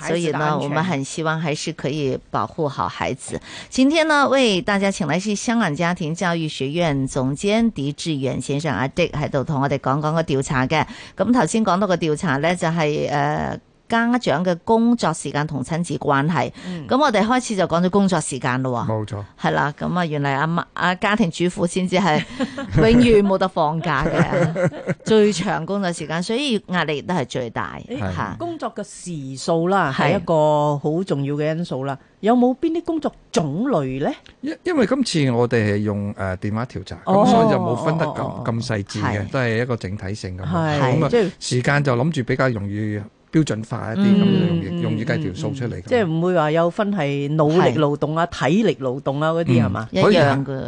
所以呢，我們很希望還是可以保護好孩子。今天呢，為大家請來是香港家庭教育學院總監狄志遠先生，阿狄喺度同我哋講講個調查嘅。咁頭先講到個調查咧，就係誒。家長嘅工作時間同親子關係，咁、嗯、我哋開始就講咗工作時間咯。冇錯，係啦，咁啊，原嚟阿阿家庭主婦先至係永遠冇得放假嘅， 最長工作時間，所以壓力亦都係最大吓、欸。工作嘅時數啦，係一個好重要嘅因素啦。有冇邊啲工作種類咧？因因為今次我哋係用誒電話調查，咁、哦、所以就冇分得咁咁細緻嘅，都係一個整體性嘅。係，咁啊，即係時間就諗住比較容易。標準化一啲咁，容易容易計條數出嚟。即係唔會話有分係腦力勞動啊、體力勞動啊嗰啲係嘛？可以，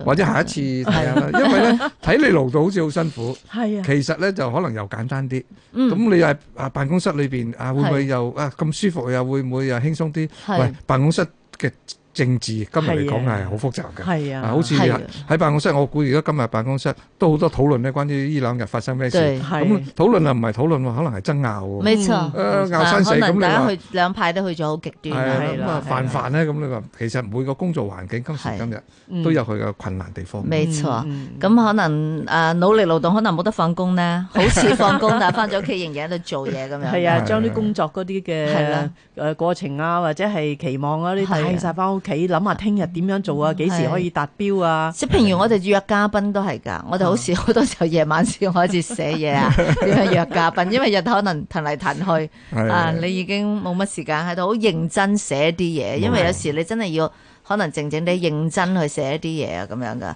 或者下一次睇下啦。因為咧，體力勞動好似好辛苦，其實咧就可能又簡單啲。咁你又係啊辦公室裏邊啊，會唔會又啊咁舒服又會唔會又輕鬆啲？喂，辦公室嘅。政治今日嚟講係好複雜嘅，啊，好似喺辦公室，我估而家今日辦公室都好多討論咧，關於呢兩日發生咩事。咁討論啊，唔係討論喎，可能係爭拗喎。冇錯，拗生死咁大家去。兩派都去咗好極端啦。泛泛咧，咁你話其實每個工作環境今時今日都有佢嘅困難地方。冇錯，咁可能誒努力勞動，可能冇得放工咧，好似放工但係翻咗屋企仍然喺度做嘢咁樣。係啊，將啲工作嗰啲嘅誒過程啊，或者係期望嗰啲帶曬翻屋企。你諗下聽日點樣做啊？幾時可以達標啊？即譬如我哋約嘉賓都係噶，的我哋好似好多時候夜晚先開始寫嘢啊， 點樣約嘉賓，因為日頭，可能騰嚟騰去的啊，你已經冇乜時間喺度好認真寫啲嘢，的因為有時你真係要。可能靜靜地認真去寫一啲嘢啊，咁樣噶。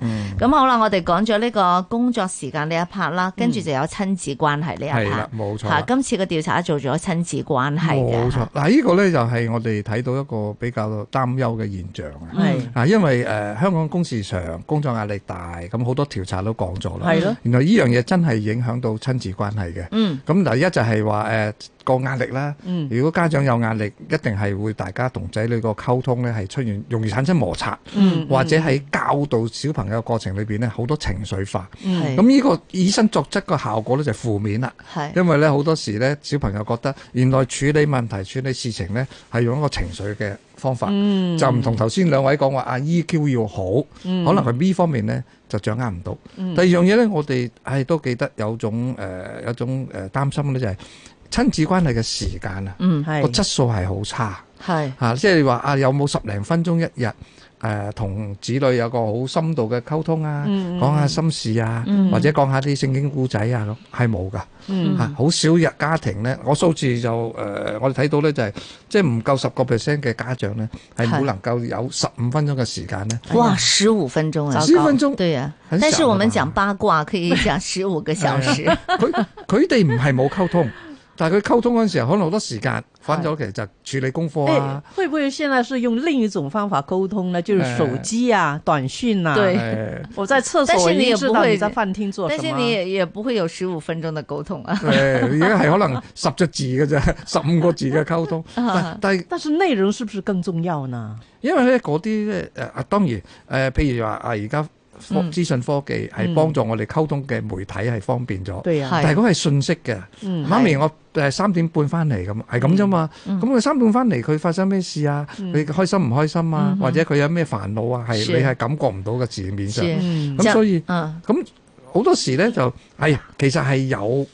咁、嗯、好啦，我哋講咗呢個工作時間呢一 part 啦，跟、嗯、住就有親子關係呢一 part。冇、嗯、錯。嚇、啊，今次個調查做咗親子關係冇錯。嗱，呢個呢就係我哋睇到一個比較擔憂嘅現象啊。因為、呃、香港工時長，工作壓力大，咁好多調查都講咗啦。原來呢樣嘢真係影響到親子關係嘅。咁、嗯、第一就係話誒個壓力啦。如果家長有壓力，嗯、一定係會大家同仔女個溝通呢係出現容易即係摩擦，或者喺教導小朋友嘅過程裏邊咧，好、嗯嗯、多情緒化。咁、嗯、呢個以身作則嘅效果咧就負面啦。係因為咧好多時咧，小朋友覺得原來處理問題、處理事情呢係用一個情緒嘅方法，嗯、就唔同頭先兩位講話啊 EQ 要好，嗯、可能喺呢方面呢就掌握唔到、嗯。第二樣嘢咧，我哋係都記得有種誒、呃，有種誒擔心咧，就係親子關係嘅時間啊，個、嗯、質素係好差。係吓，即係話啊，有冇十零分鐘一日誒，同子女有個好深度嘅溝通啊，講下心事啊，或者講下啲聖經故仔啊，咁係冇噶吓，好少日家庭咧，我數字就誒，我哋睇到咧就係即係唔夠十個 percent 嘅家長咧，係冇能夠有十五分鐘嘅時間咧。哇，十五分鐘啊，十五分鐘，對啊，但是我們講八卦可以講十五個小時。佢，佢哋唔係冇溝通。但係佢溝通嗰陣時候，可能好多時間返咗，其實就處理功課啊、欸。會不會現在是用另一種方法溝通呢？就係、是、手機啊、欸、短訊啊。對，欸、我在廁所，但是你，也你，在做，但是你也不會在飯廳做。但係你也也不會有十五分鐘的溝通啊。誒、 欸，而家係可能十隻字嘅啫，十五個字嘅溝通。 但係，但是內容是不是更重要呢？因為咧嗰啲咧誒，當然誒、呃，譬如話啊而家。科資訊科技係幫助我哋溝通嘅媒體係方便咗、嗯嗯，但係嗰係信息嘅、嗯。媽咪，我誒三點半翻嚟咁，係咁啫嘛。咁佢、嗯、三點半翻嚟，佢發生咩事啊？佢、嗯、開心唔開心啊、嗯？或者佢有咩煩惱啊？係你係感覺唔到嘅字面上，咁所以咁。嗯好多時咧就係其實係有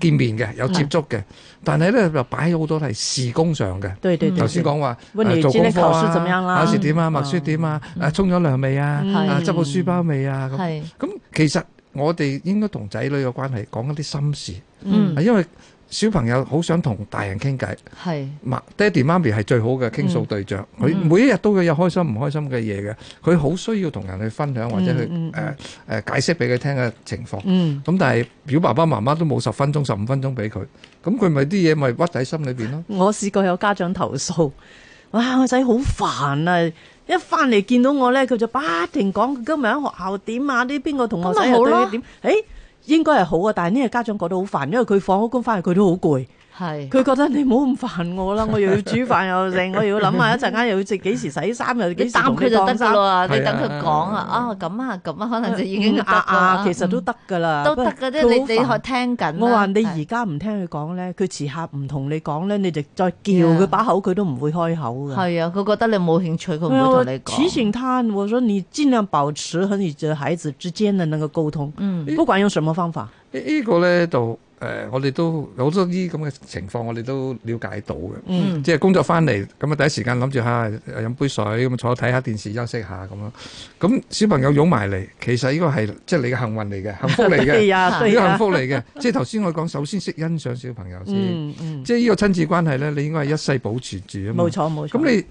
見面嘅，有接觸嘅，但係咧又擺好多係事工上嘅。頭先講話、嗯、做功課點樣啦啊，考試點啊，默書點啊，誒、嗯啊、沖咗涼未啊、嗯、啊，執好書包未啊？咁、嗯嗯、其實我哋應該同仔女嘅關係講一啲心事，係、嗯、因為。小朋友好想同大人傾偈，媽爹地媽咪係最好嘅傾訴對象。佢、嗯、每一日都會有開心唔開心嘅嘢嘅，佢好需要同人去分享或者去、呃、解釋俾佢聽嘅情況。咁、嗯、但係表爸爸媽媽都冇十分鐘十五分鐘俾佢，咁佢咪啲嘢咪屈喺心裏邊咯。我試過有家長投訴，哇！個仔好煩啊！一返嚟見到我咧，佢就不停講今日喺學校點啊？啲邊個同學仔好對佢點？欸應該係好啊，但係呢個家長覺得好煩，因為佢放咗工翻去佢都好攰。係佢覺得你唔好咁煩我啦，我又要煮飯又剩， 我要又要諗下一陣間又要食幾時洗衫又。你等佢就得啦，你等佢講啊。啊咁啊咁啊，啊，啊，啊，可能就已經得啦、啊啊。其實都得噶啦，都得噶啫。你你學聽緊。我話你而家唔聽佢講咧，佢遲下唔同你講咧，你就再叫佢把口，佢都唔會開口嘅。係啊，佢覺得你冇興趣，佢唔會同你講。此前提，我說你盡、啊啊、量保持跟住孩子之間的那個溝通，嗯，不管用什麼方法。呢、這個咧就。這個誒、呃，我哋都好多啲咁嘅情況，我哋都了解到嘅、嗯。即係工作翻嚟咁啊，第一時間諗住下飲杯水咁坐睇下電視，休息一下咁咯。咁小朋友擁埋嚟，其實呢個係即係你嘅幸運嚟嘅，幸福嚟嘅，啲幸福嚟嘅。 即係頭先我講，首先識欣賞小朋友先、嗯嗯。即係呢個親子關係咧，你應該係一世保持住啊嘛。冇錯冇錯。咁你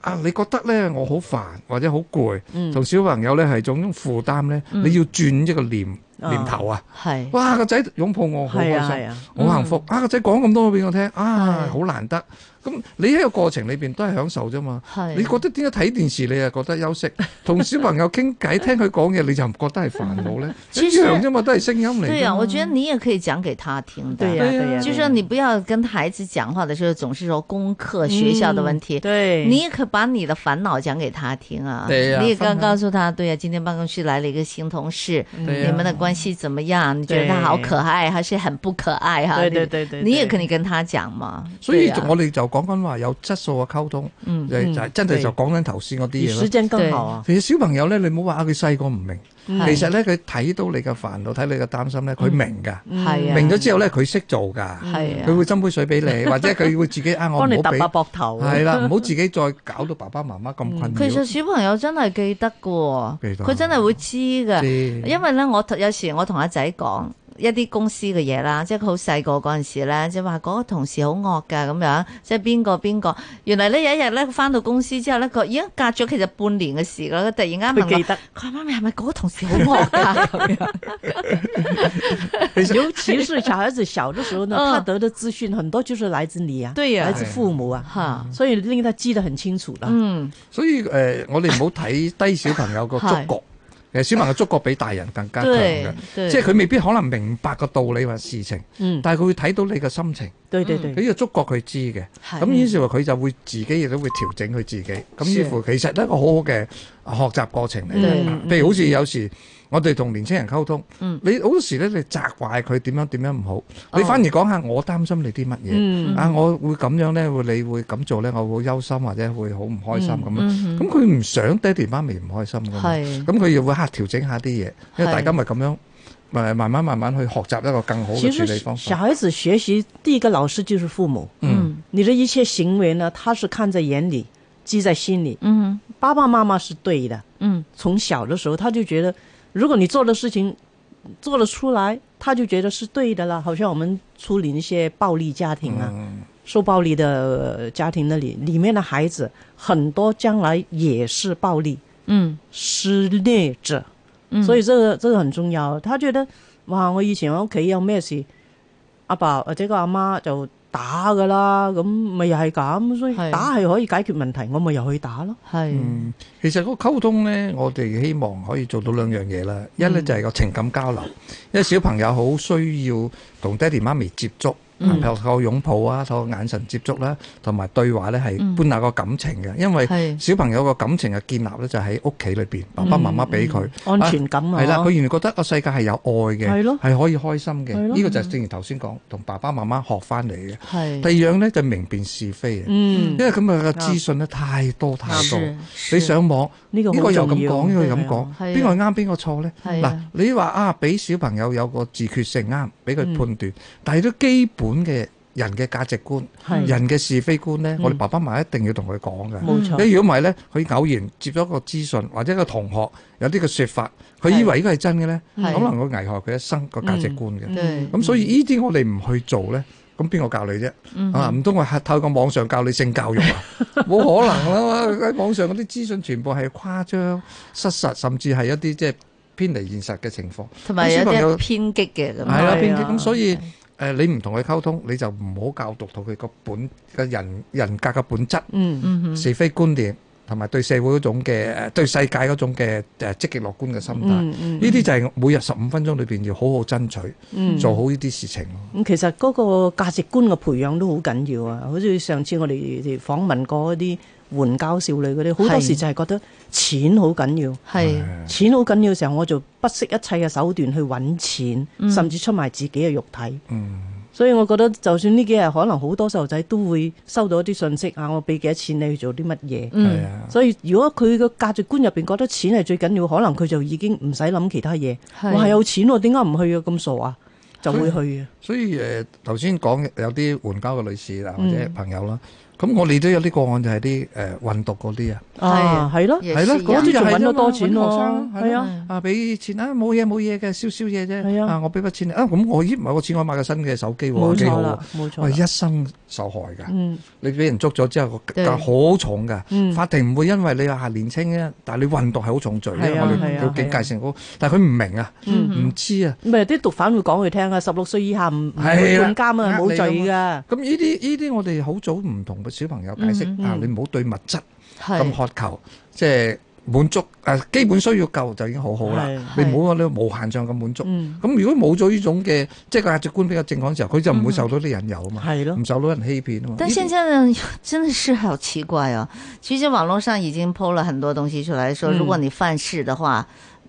啊，你覺得咧，我好煩或者好攰，同、嗯、小朋友咧係種負擔咧，你要轉一個念。嗯嗯念頭啊，哦、哇個仔擁抱我，好開心，啊啊、好幸福、嗯、啊！個仔講咁多俾我聽，啊，好難得。咁你喺個過程裏邊都係享受啫嘛，你覺得點解睇電視你又覺得休息， 同 小朋友傾偈聽佢講嘢你就唔覺得係煩惱呢？ 是一樣啫嘛，都係聲音嚟。對啊，我覺得你也可以講給他聽。對啊對呀、啊啊，就是、說你不要跟孩子講話的時候總是說功課學校的問題。嗯、對，你也可以把你的煩惱講給他聽啊。對呀、啊，你可告訴他，對啊，今天辦公室來了一個新同事、啊，你們的關係怎麼樣？你覺得他好可愛，還是很不可愛、啊？哈，對對對對，你也可以跟他講嘛、啊。所以我哋就。講緊話有質素嘅溝通，就、嗯嗯、就真係就講緊頭先嗰啲嘢咯。而時啊！其實小朋友咧，你唔好話佢細個唔明，其實咧佢睇到你嘅煩惱，睇你嘅擔心咧，佢明噶、嗯，明咗之後咧，佢、嗯、識做噶，佢、啊、會斟杯水俾你，啊，或者佢會自己 啊，我唔好幫你揼下膊頭。係啦，唔好自己再搞到爸爸媽媽咁困、嗯、其實小朋友真係記得噶，佢真係會知噶，因為咧我有時我同阿仔講。一啲公司嘅嘢啦，即係佢好細個嗰陣時咧，即係話嗰個同事好惡噶咁樣，即係邊個邊個。原來呢，有一日咧，佢翻到公司之後咧，佢已經隔咗其實半年嘅事啦，佢突然間唔記得，佢話媽咪係咪嗰個同事好惡噶？ 尤其是小孩子小嘅時候呢，他得到的資訊很多，就是來自你，對啊，來自父母啊，啊，所以令他記得很清楚啦。嗯，所以誒、呃，我哋唔好睇低小朋友個觸覺。 小朋友觸覺比大人更加強嘅，即係佢未必可能明白個道理或事情，嗯、但係佢會睇到你嘅心情，呢個觸覺佢知嘅，咁於是話佢就會自己亦都會調整佢自己，咁似乎其實一個好好嘅學習過程嚟嘅，譬如好似有時。嗯嗯我哋同年青人溝通、嗯，你好多時咧，你責怪佢點樣點樣唔好、哦，你反而講下我擔心你啲乜嘢啊？我會咁樣咧，會你會咁做咧，我會好憂心或者會好唔開心咁。咁佢唔想爹哋媽咪唔開心嘅，咁佢又會嚇調整下啲嘢，因為大家咪咁樣慢慢慢慢去學習一個更好嘅處理方式。其實小孩子學習第一個老師就是父母。嗯、你的一切行為呢，他是看在眼裏，記在心裡、嗯。爸爸媽媽是對的。嗯，從小嘅時候，他就覺得。如果你做的事情做得出來，他就覺得是對的了。好像我們處理一些暴力家庭啊、嗯，受暴力的家庭那裏，裏面的孩子很多將來也是暴力，嗯，施虐者、嗯。所以這個這個很重要。他覺得哇，我以前我屋企有咩事，阿爸或者，個阿媽就打噶啦，咁咪又係咁，所以打係可以解決問題，我咪又去打咯。其實嗰個溝通呢，我哋希望可以做到兩樣嘢啦。一呢就係、係、個情感交流、嗯，因為小朋友好需要同爹哋媽咪接觸，透、嗯、過擁抱啊、透過眼神接觸啦，同埋對話呢係搬下個感情嘅。因為小朋友個感情嘅建立呢，就喺屋企裏面，爸爸媽媽俾佢安全感啊。啦、啊，佢原來覺得個世界係有愛嘅，係可以開心嘅。呢、這個就正如頭先講，同爸爸媽媽學翻嚟嘅。第二樣呢，就是、明辨是非啊。嗯，因為今日嘅資訊呢、嗯，太多太多， 你想。呢、這個呢、這個又咁講、這個、呢個咁講，邊個啱邊個錯咧？嗱，你話啊，俾小朋友有個自決性啱，俾佢判斷，嗯、但係都基本嘅。人嘅價值觀，人嘅是非觀咧、嗯，我哋爸爸媽媽一定要同佢講嘅。冇錯。咁如果唔係咧，佢偶然接咗個資訊或者一個同學有啲嘅説法，佢以為依個係真嘅咧，是可能會危害佢一生個價值觀嘅、嗯。對。咁所以呢啲我哋唔去做咧，咁邊個教你啫、嗯？啊，唔通我透過網上教你性教育、嗯、沒啊？冇可能啦！喺網上嗰啲資訊全部係誇張、 失實，甚至係一啲即係偏離現實嘅情況，同埋一啲偏激嘅咁。係啦、啊，偏激、啊。咁所以。誒你唔同佢溝通，你就唔好教讀到佢個本嘅人人格嘅本質、嗯嗯，是非觀念，同埋對社會嗰種嘅誒對世界嗰種嘅誒積極樂觀嘅心態，呢、嗯、啲、嗯、就係每日十五分鐘裏邊要好好爭取，嗯、做好呢啲事情。咁、嗯、其實嗰個價值觀嘅培養都好緊要啊！好似上次我哋訪問過一啲援交少女嗰啲，好多時就係覺得。錢好緊要，係、啊、錢好緊要嘅時候，我就不惜一切嘅手段去揾錢、嗯，甚至出賣自己嘅肉體、嗯。所以我覺得，就算呢幾日可能好多細路仔都會收到啲信息啊，我俾幾多錢你去做啲乜嘢。所以如果佢個價值觀入邊覺得錢係最緊要，可能佢就已經唔使諗其他嘢。我係、啊、有錢、啊，我點解唔去啊？咁傻啊，就會去啊。所以誒，頭先講有啲援交嘅女士啦，或者朋友啦。嗯咁我哋都有啲個案就係啲誒運毒嗰啲啊，係係咯，係咯，嗰啲就揾咗多錢咯，係啊，啊俾錢啊，冇嘢冇嘢嘅，少少嘢啫，係啊，我俾筆錢你啊，咁我咦唔係我錢我買個新嘅手機喎，幾好，冇錯冇錯，係一生受害㗎，嗯，你俾人捉咗之後個枷好重㗎，法庭唔會因為你話年輕嘅，但係你運毒係好重罪嘅，我哋好警戒性好，但係佢唔明啊，唔知啊，咪啲毒販會講佢聽啊，十六歲以下唔唔判監啊，冇罪㗎，咁呢啲呢啲我哋好早唔同。小朋友解釋啊、嗯嗯，你唔好對物質咁渴求，即係、就是、滿足誒基本需要夠就已經好好啦。你唔好話咧無限量咁滿足。咁、嗯、如果冇咗呢種嘅即係價值觀比較正常嘅時候，佢就唔會受到啲引誘啊嘛，唔、嗯、受到人欺騙啊嘛。但係現在呢，真係好奇怪啊！其實網絡上已經鋪咗很多東西出嚟，說如果你犯事嘅話。嗯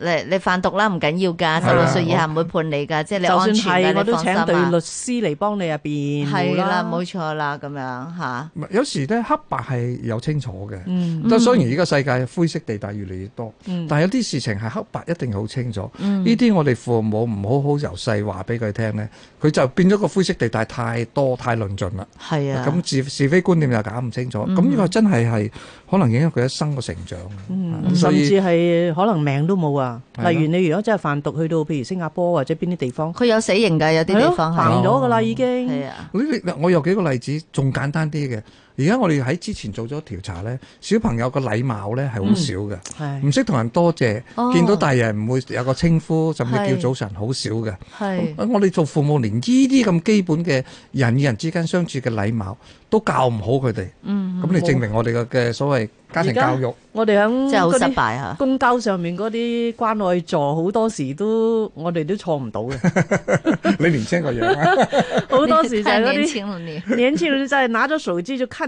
你你販毒啦，唔緊要噶，十六歲以下唔會判你噶、啊，即係你安全噶，你就算係，我都請對律師嚟幫你入邊係啦，冇錯啦，咁樣吓。有時咧黑白係有清楚嘅、嗯，但係雖然而家世界灰色地帶越嚟越多，嗯、但係有啲事情係黑白一定好清楚。呢、嗯、啲我哋父母唔好好由細話俾佢聽咧，佢、嗯、就變咗個灰色地帶太多，太論盡啦。係啊，咁是非觀念又搞唔清楚，咁呢個真係係可能影響佢一生個成長，嗯、甚至係可能命都冇啊！例如你如果真係販毒，去到譬如新加坡或者邊啲地方，佢有死刑噶，有啲地方係行咗噶啦，已經，係啊。我有幾個例子，仲簡單啲嘅。而家我哋喺之前做咗調查咧，小朋友嘅禮貌咧係好少嘅，唔識同人多謝、哦、見到大人唔會有個稱呼，甚至叫早晨，好少嘅。我哋做父母連呢啲咁基本嘅人與人之間相處嘅禮貌都教唔好佢哋，咁、嗯嗯、你證明我哋嘅嘅所謂家庭教育，我哋好失敗啊，公交上面嗰啲關愛座好多時都我哋都坐唔到嘅。 你年輕個樣，好 多時就係嗰啲年輕人，在拿咗手機就看。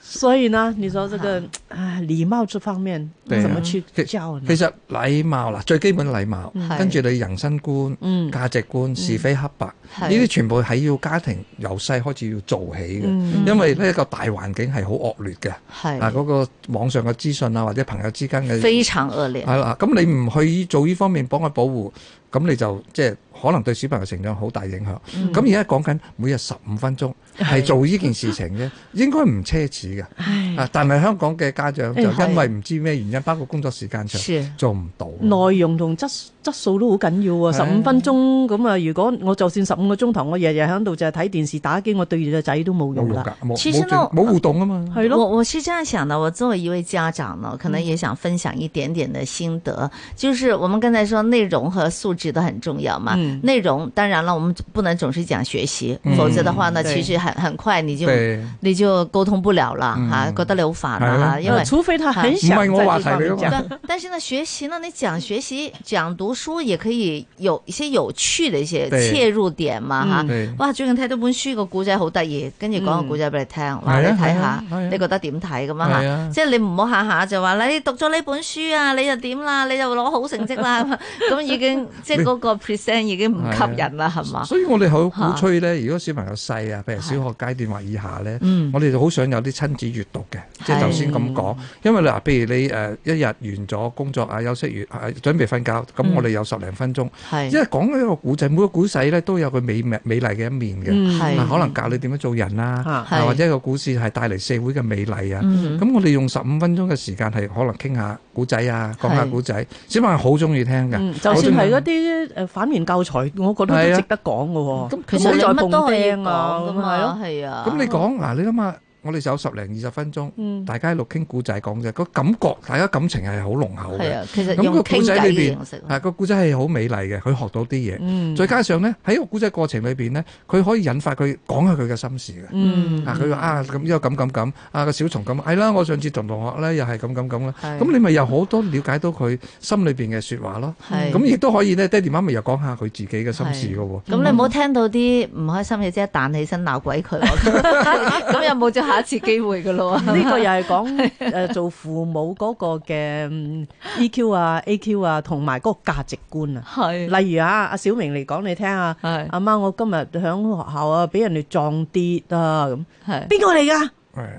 所以呢，你說這個啊，禮貌這方面，嗯、怎麼去教呢？其實禮貌啦，最基本禮貌，嗯、跟住你人生觀、嗯、價值觀、嗯、是非黑白，呢、嗯、啲全部喺要家庭由細開始要做起嘅、嗯。因為呢個大環境係好惡劣嘅，嗱、嗯、嗰、嗰個網上嘅資訊啊，或者朋友之間嘅非常惡劣。係啦，咁你唔去做呢方面幫佢保護，咁你就即係。可能對小朋友成長好大影響。咁而家講緊每日十五分鐘係做呢件事情咧，應該唔奢侈嘅。但係香港嘅家長就因為唔知咩原因，包括工作時間長，做唔到。內容同質質素都好緊要喎。十五分鐘咁啊，如果我就算十五個鐘頭，我日日喺度就係睇電視打機，我對住個仔都冇用㗎。冇互動啊嘛。係咯。我我係咁樣想嘅，我作為一位家長啊，可能也想分享一點點的心得，嗯、就是我們剛才說內容和素質都很重要嘛。嗯內容當然啦，我們不能總是講學習，嗯、否則的話呢，其實很很快你就你就，你就溝通不了了哈，覺得你好煩喇，因為除非他很、啊、想在對方講。但是呢學習呢，你講學習講讀書也可以有一些有趣的一些切入點嘛，吓、啊。哇，最近睇到本書個故仔好得意，跟住講個故仔俾你聽，啊啊啊、你睇下、哎，你覺得點睇咁啊？即、啊、係、就是、你唔好下下就話你讀咗呢本書啊，你就點啦，你就攞好成績啦，咁、 嗯、已經即係嗰、那個已經唔吸引啦，係嘛？所以我哋好鼓吹咧，如果小朋友細啊，譬如小學階段或以下咧，嗯、我哋就好想有啲親子閱讀嘅，是嗯、即係頭先咁講。因為嗱，譬如你誒，一日完咗工作啊，休息完啊，準備瞓覺，咁我哋有十零分鐘，嗯、因為講緊一個古仔，每個古仔咧都有佢美美麗嘅一面嘅，嗯、可能教你點樣做人啦，是嗯、或者一個故事係帶嚟社會嘅美麗啊。咁、嗯、我哋用十五分鐘嘅時間係可能傾下古仔啊，講下古仔，是嗯、小朋友好中意聽噶、嗯，就算係嗰啲誒反面教我覺得都值得講喎。咁、啊、其實乜都咁係咯，係啊。咁你講嗱、啊，你諗下。我哋走十零二十分鐘，大家一路傾故仔講嘅。嗯，那個感覺大家感情係好濃厚嘅。其實咁個故仔裏邊，係個故仔係好美麗嘅，佢學到啲嘢，嗯。再加上呢，喺個故仔過程裏邊呢，佢可以引發佢講下佢嘅心事嘅。佢、嗯、話啊咁依個咁咁咁啊個小蟲咁，係啦，我上次同同學咧又係咁咁咁啦。咁你咪又好多了解到佢心裏邊嘅説話咯。咁亦都可以爹哋媽咪又講下佢自己嘅心事嘅喎。咁、嗯、你唔好聽到啲唔開心嘅即一彈起身鬧鬼佢。咁有冇下一次機會㗎咯，呢個又係講誒做父母嗰個嘅 EQ 啊、AQ 啊，同埋嗰個價值觀啊。係，例如啊，阿小明嚟講你聽啊，阿媽，我今日響學校啊，俾人哋撞跌啊咁。係邊個嚟㗎？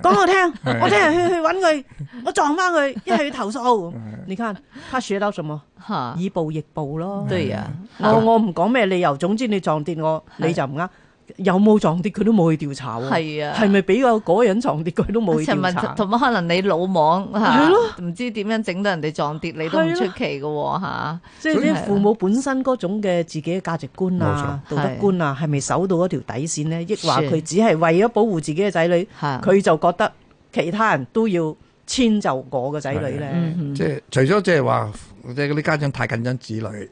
講我聽，我聽日去去揾佢，我撞返佢，一係去投訴。你睇，他學到什麼？哈，以暴易暴咯。對啊，我我唔講咩理由，總之你撞跌我，你就唔啱。有冇撞跌佢都冇去調查喎，係咪俾個嗰人撞跌佢都冇去調查？同埋可能你魯莽吓，唔、啊啊、知點樣整到人哋撞跌你都唔出奇嘅吓、啊。即係啲父母本身嗰種嘅自己嘅價值觀啊，是啊、道德觀啊，係咪守到嗰條底線呢？亦、啊啊啊啊、或佢只係為咗保護自己嘅仔女，佢、啊、就覺得其他人都要遷就我嘅仔女咧、啊嗯嗯？即係除咗即係話。即係嗰啲家長太緊張子女，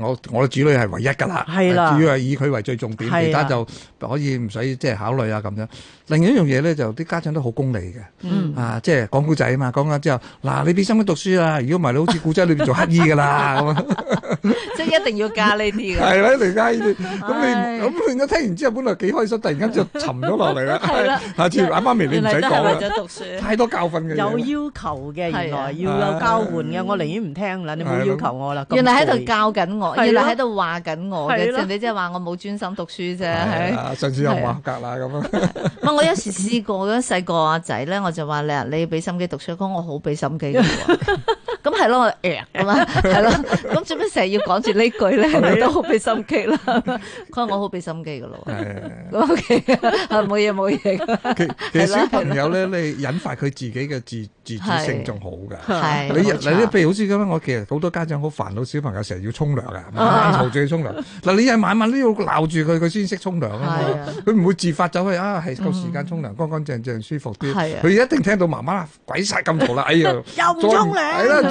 我我嘅子女係唯一㗎啦，主要係以佢為最重點，其他就可以唔使即係考慮啊咁樣。另外一樣嘢咧，就啲家長都好功利嘅，啊即係講古仔啊嘛，講緊之後，嗱你俾心機讀書啊，如果唔係，你好似古仔裏邊做乞兒㗎啦，咁啊，即係一定要加呢啲嘅。係啦，嚟加呢啲，咁你咁你一聽完之後，本來幾開心，突然間就沉咗落嚟啦。係啦，下次阿媽咪你唔使講啦。原嚟都係為咗讀書。太多教訓嘅。有要求嘅，原來要有交換嘅，我寧願唔聽。嗱，你冇要求我啦。原來喺度教緊我，原來喺度話緊我嘅，人哋即係話我冇專心讀書啫。上次又合格啦咁咯。唔，我有時試過嘅細個阿仔咧，我就話咧、啊，你要俾心機讀書，講我好俾心機咁係咯，弱咁嘛？係 咯，咁做咩成日要講住呢句咧？ 都好俾心機啦。佢話、啊、我好俾心機噶咯。咁、啊、OK，冇嘢冇嘢。其實小朋友咧、啊啊，你引發佢自己嘅自自主性仲好噶、啊啊。你譬、啊、如好似咁樣，我其實好多家長好煩惱小朋友成日要沖涼啊，晚晚嘈住沖涼。嗱，你係晚晚都要鬧住佢，佢先識沖涼啊嘛。佢、啊、唔會自發走去啊，係夠時間沖涼，乾乾淨淨舒服啲。佢、啊、一定聽到媽媽鬼晒咁嘈啦，哎呀，又唔沖涼。不就唔好中文就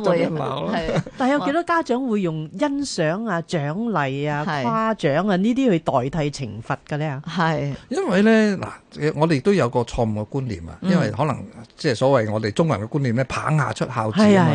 做英文咯。但係有幾多家長會用欣賞啊、獎勵啊、誇獎啊呢啲去代替懲罰噶咧？係，因為咧嗱，我哋都有個錯誤嘅觀念啊。嗯、因為可能即係所謂我哋中人嘅觀念咧，棒下出孝子啊。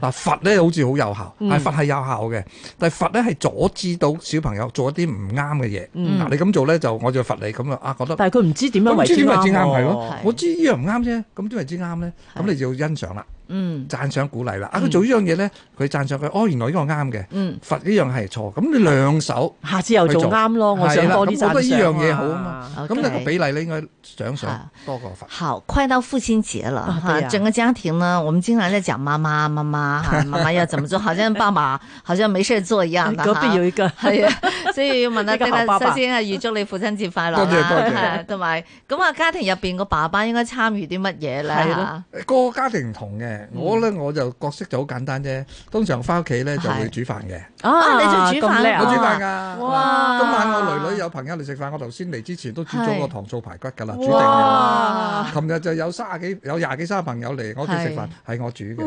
嗱，罰咧好似好有效，係罰係有效嘅，但係罰咧係阻止到小朋友做一啲唔啱嘅嘢。嗱、嗯，你咁做咧就我就罰你咁啊，覺得。但係佢唔知點樣為之唔啱咯。我知呢樣唔啱啫，咁點為之啱咧？咁你就要欣賞啦。嗯，讚賞鼓勵啦！啊，佢做呢樣嘢咧，佢讚賞佢哦，原來呢個啱嘅、嗯，罰呢樣係錯。咁你兩手，下次又做啱咯。我想多啲讚賞。咁呢樣嘢好啊嘛。咁、啊、你、okay, 個比例你應該讚賞多過罰。好，快到父親節啦！吓、啊，整個家庭呢，我們經常在講媽媽、媽媽、啊、媽媽要怎麼做，好像爸爸好像冇事做一樣。隔 壁、啊、有一個係 啊，所以要問下呢個首先係預祝你父親節快樂啦，同埋咁啊，家庭入邊個爸爸應該參與啲乜嘢啦？係、啊、個個家庭唔同嘅。我咧，我就角色就好簡單啫，通常翻屋企咧就會煮飯嘅。哦，啊、你做煮飯，我煮飯噶、啊。哇！今晚我女女有朋友嚟食飯，我頭先嚟之前都煮咗個糖醋排骨噶啦，煮定嘅。琴日就有卅幾有廿幾卅朋友嚟我屋企食飯，係我煮嘅。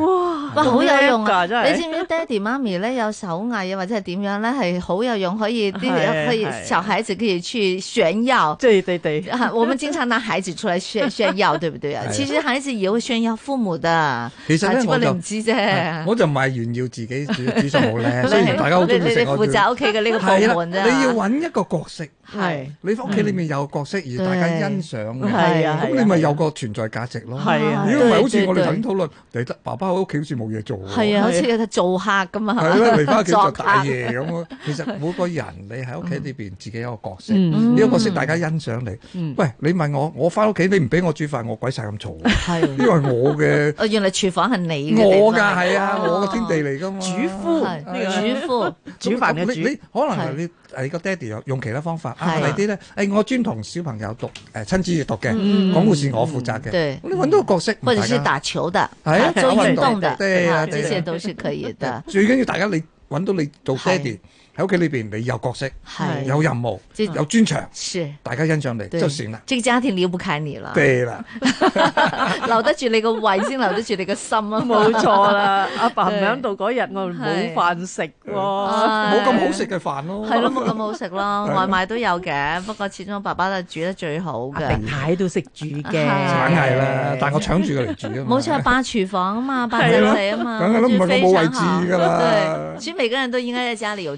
哇！好有用啊，真係。你知唔知爹哋媽咪咧有手藝、啊、或者係點樣咧？係好有用，可以啲可以小孩子可以去炫耀。 對對對、啊，我們經常拿孩子出嚟炫耀 炫耀，對唔對啊？其實孩子也會炫耀父母的。其實呢你唔知啫，我就唔係炫耀自己煮煮食好靚，雖然大家好中意。你你負責屋企嘅呢個部門啫。你要搵一個角色，係 你喺屋企裏面有個角色 而大家欣賞嘅，咁你咪有個存在價值咯。如果唔係好似我哋頭先討論，爸爸喺屋企好似冇嘢做。係啊，好似做客咁啊。係嚟翻屋企做大嘢咁咯。 其實每個人你喺屋企裏邊自己有個角色，呢、 嗯、個角色大家欣賞你、嗯。喂，你問我，我翻屋企你唔俾我煮飯，我鬼晒咁嘈。呢 因為我嘅。 原來全房係你嘅，我噶係啊，哦、我嘅天地嚟噶嘛。主夫，主夫，煮、哎、飯你，你可能你係個爹哋用用其他方法，係啲咧。誒、啊哎，我專同小朋友讀誒親子閱讀嘅，講、嗯、故事我負責嘅。你搵到個角色，或者係打球嘅，係啊，做運動嘅，啊對對對，呢啲都係可以嘅。 最緊要大家你搵到你做爹哋。喺屋企裏邊，你有角色，有任務，即有專長，啊，大家欣賞你就算啦。即家庭離不開你啦。對啦， 留得住你個胃先留得住你個心啊！冇錯啦，阿爸唔喺度嗰日我冇飯食喎，冇咁好食嘅飯咯。係咯，冇咁好食咯，外賣都有嘅，不過始終爸爸都係煮得最好嘅。阿炳都識煮嘅，梗係啦，但係我搶住佢嚟煮啊。冇錯，霸廚房啊嘛，霸人嚟啊嘛，梗係都唔係咁冇位置噶啦。對，其實都應該在家裏有